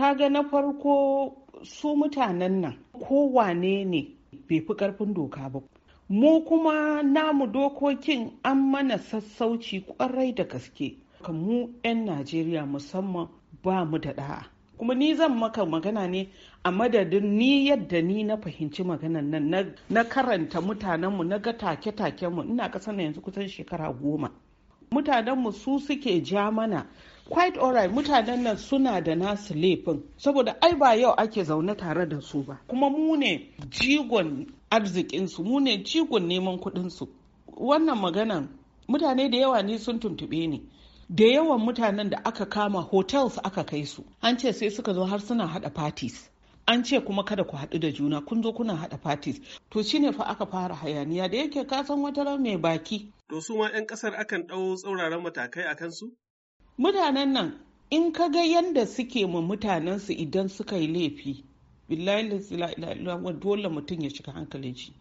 kaga na farko su mutanen nan kowane ne bai fi karfin doka ba mu kuma namu dokokin an mana sassauci kwarai da gaske mu 'yan najeriya musamman ba mu da da'a kuma ni zan maka magana ne a madadin ni yadda ni na fahimci maganan nan na karanta mutanenmu na ga take-takenmu ina ƙasa na yanzu kusan shekara goma mutanenmu su suke ja mana quite alright mutanen nan suna da nasu laifin saboda ai ba yau ake zaune tare da su ba kuma mu ne jigon arzikinsu mu ne jigon neman kuɗinsu wannan maganan mutane da yawa ne sun tuntuɓe ni da yawan mutanen da aka kama hotels aka kai su an ce sai suka zo har suna hada parties an ce kuma kada ku haɗu da juna kun zo kuna haɗa parties to shine fa aka fara hayaniya da yake kasan wata mai baki to su ma 'yan ƙasar akan ɗau tsauraran matakai a kansu mutanen nan in ka ga yadda suke ma mutanensu idan suka yi laifi billahi dole mutum ya shiga hankali. ji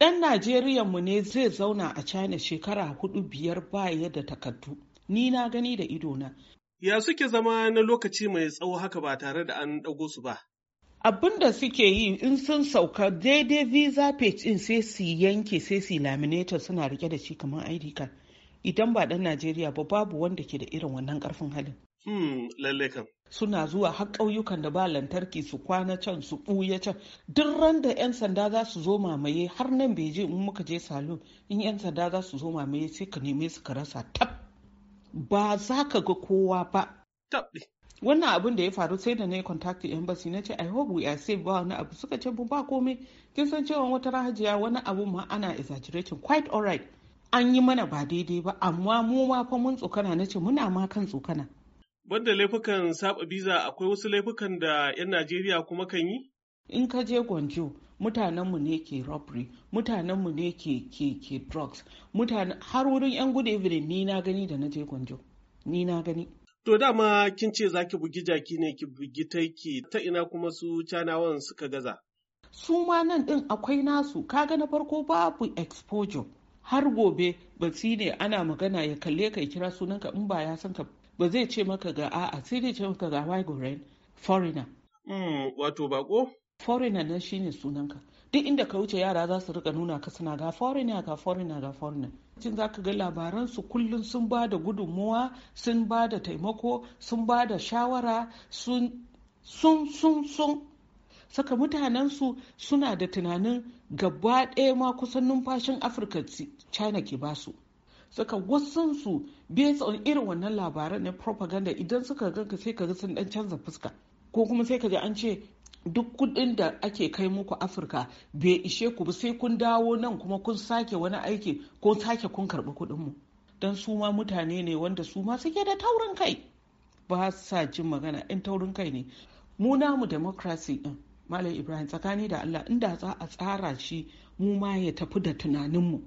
dan najeriya mu ne zai zauna a china shekara hudu biyar baya da takardu ni na gani da ido na ya suke zama na lokaci mai tsawo haka ba tare da an dago su ba abin da suke yi in sun sauka daidai visa page in sai su yanke sai su laminator suna rike da shi kamar id card idan ba dan Najeriya ba babu wanda ke da irin wannan karfin halin. Hmm, lalle kam. Suna zuwa har ƙauyukan da ba lantarki su kwana can su ɓuya can. Duk ran da 'yan sanda za su zo mamaye har nan bai je in muka je salon in 'yan sanda za su zo mamaye sai ka neme su ka rasa tab. Ba za ka ga kowa ba. Tabɗi. Wannan abin da ya faru sai da na yi contact embassy na ce I hope we are safe ba wani abu suka ce ba komai. Kin san cewa wata rahajiya wani abu ma ana exaggerating quite alright. an yi mana ba daidai ba amma mu ma fa mun tsokana na ce muna ma kan tsokana. Banda laifukan saba biza akwai wasu laifukan da 'yan Najeriya kuma kan yi? In ka je Gwanjo mutanenmu ne ke robbery, mutanenmu ne ke ke ke drugs, mutane har wurin 'yan gudu evidence ni na gani da na je Gwanjo. Ni na gani. To dama kin ce za ki bugi jaki ne ki bugi taiki ta ina kuma su canawan suka gaza. Su ma nan ɗin akwai nasu kaga na farko babu exposure. har gobe batsi ne ana magana ya kalle ka kira sunanka in ba ya san ka ba zai ce maka ga a'a sai dai ce maka ga wai goren foreigner mm, wato bako foreigner na shine sunanka duk inda ka wuce yara za su rika nuna ka suna ga foreigner ga foreigner ga foreigner cin za ka ga labaran su kullum sun ba da gudunmuwa sun ba da taimako sun ba da shawara sun sun sun sun saka mutanensu suna da tunanin gaba ɗaya ma kusan numfashin afirka china ke basu saka wasansu bai tsawon irin wannan labaran na propaganda idan suka ganka sai ka ga sun dan canza fuska ko kuma sai ka ji an ce duk kudin da ake kai muku afirka bai ishe ku ba sai kun dawo nan kuma kun sake wani aiki ko sake kun karbi kuɗin mu dan su ma mutane ne wanda su ma suke da taurin kai ba sa jin magana in taurin kai ne mu namu democracy din malam ibrahim tsakani da allah inda za a tsara shi mu ma ya tafi da tunaninmu